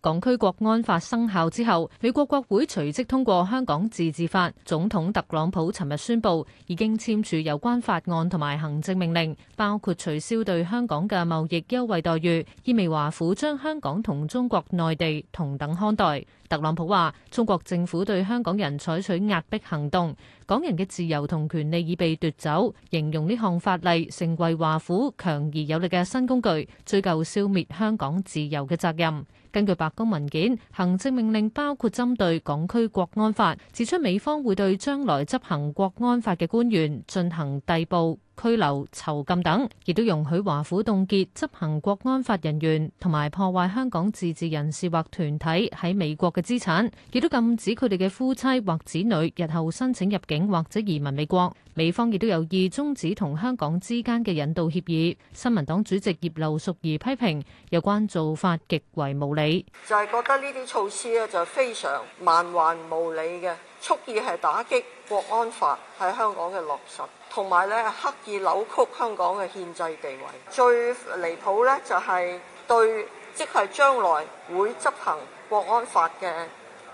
港區國安法生效之後，美國國會隨即通過香港自治法。總統特朗普尋日宣布已經簽署有關法案同埋行政命令，包括取消對香港嘅貿易優惠待遇，意味華府將香港同中國內地同等看待。特朗普話：中國政府對香港人採取壓迫行動，港人嘅自由同權利已被奪走，形容呢項法例成為華府強而有力嘅新工具，追究消滅香港自由嘅責任。根據白宮文件，行政命令包括針對港區國安法，指出美方會對將來執行國安法嘅官員進行逮捕、拘留、囚禁等，亦都容許華府凍結執行國安法人員同埋破壞香港自治人士或團體喺美國嘅資產，亦都禁止佢哋嘅夫妻或子女日後申請入境或者移民美國，美方亦都有意終止同香港之間嘅引渡協議。新民黨主席葉劉淑儀批評有關做法極為無理，就係覺得呢啲措施咧就非常蠻橫無理嘅，蓄意係打擊國安法喺香港嘅落實。同埋咧刻意扭曲香港嘅憲制地位，最離譜咧就係、是、對即係將來會執行國安法嘅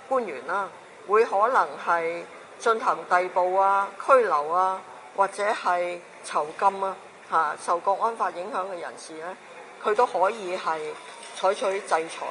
官員啦、啊，會可能係進行逮捕啊、拘留啊，或者係囚禁啊，吓，受國安法影響嘅人士咧，佢都可以係。採取制裁。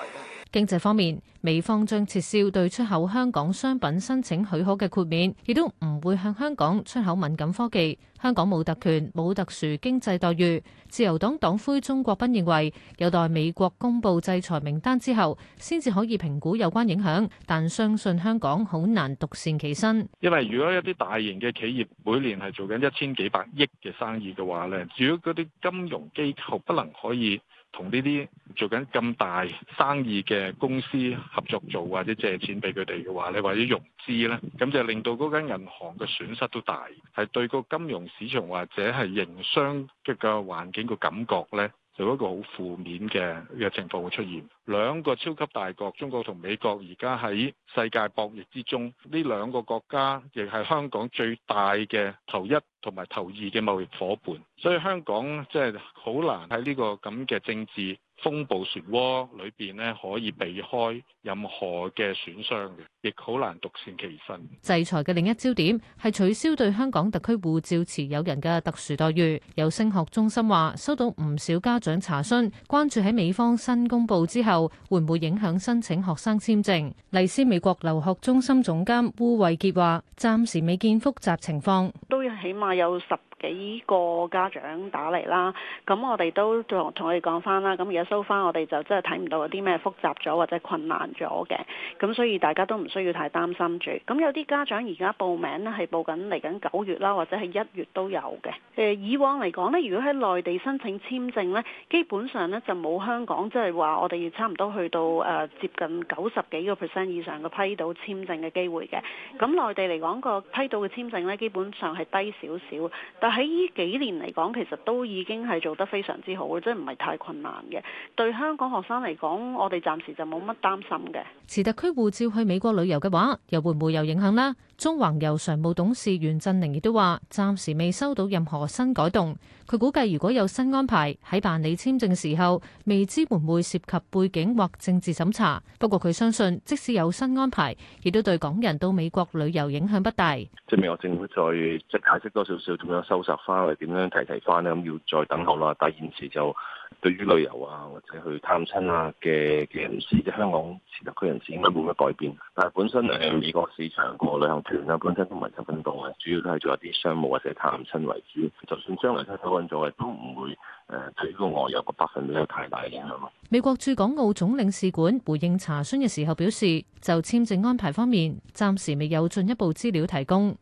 經濟方面，美方將撤銷對出口香港商品申請許可嘅豁免，亦都唔會向香港出口敏感科技。香港冇特權，冇特殊經濟待遇。自由黨黨魁鍾國斌認為有待美國公布制裁名單之後先至可以評估有關影響，但相信香港好難獨善其身。因為如果一啲大型嘅企業每年係做緊一千幾百億嘅生意嘅話，咧，至於嗰啲金融機構不能可以。同呢啲做緊咁大生意嘅公司合作做，或者借錢俾佢哋嘅話，你或者融資咧，咁就令到嗰間銀行嘅損失都大，係對個金融市場或者係營商嘅個環境個感覺咧。就一個好負面嘅嘅情況會出現。兩個超級大國，中國同美國而家喺世界博弈之中，呢兩個國家亦係香港最大嘅頭一同埋頭二嘅貿易夥伴，所以香港即係好難喺呢個咁嘅政治風暴漩渦裏邊咧，可以避開任何嘅損傷嘅，亦好難獨善其身。制裁嘅另一焦點係取消對香港特區護照持有人嘅特殊待遇。有升學中心話，收到唔少家長查詢，關注喺美方新公佈之後，會唔會影響申請學生簽證？麗斯美國留學中心總監烏惠傑話：暫時未見複雜情況，都起碼有十幾個家長打嚟啦。咁我哋都同同佢哋講返啦。咁而家。收翻我哋就真係睇唔到有啲咩複雜咗或者困難咗嘅，咁所以大家都唔需要太擔心住。咁有啲家長而家報名呢，係報緊嚟緊九月啦，或者係一月都有嘅。誒以往嚟講呢，如果喺內地申請簽證呢，基本上呢就冇香港，即係話我哋要差唔多去到誒、呃、接近九十幾個 percent 以上嘅批到簽證嘅機會嘅。咁內地嚟講個批到嘅簽證呢，基本上係低少少，但喺呢幾年嚟講，其實都已經係做得非常之好，即係唔係太困難嘅。對香港學生嚟講，我哋暫時就冇乜擔心嘅。持特區護照去美國旅遊嘅話，又會唔會有影響呢？縱橫遊常務董事袁振寧亦都話，暫時未收到任何新改動。佢估計如果有新安排喺辦理簽證嘅時候，未知會唔會涉及背景或政治審查。不過佢相信，即使有新安排，亦都對港人到美國旅遊影響不大。即係美國政府再即解釋多少少，咁樣收拾翻，點樣提提翻咧，咁要再等候啦。但係現時就對於旅遊啊。或者去探親啊，嘅嘅人士，即香港特區人士應該冇乜改變。但係本身誒美國市場個旅行團啊、本身都唔係十分多嘅，主要都係做一啲商務或者探親為主。就算將來佢收緊咗嘅，都唔會誒對呢個外遊個百分率有太大影響咯。美國駐港澳總領事館回應查詢嘅時候表示，就簽證安排方面，暫時未有進一步資料提供。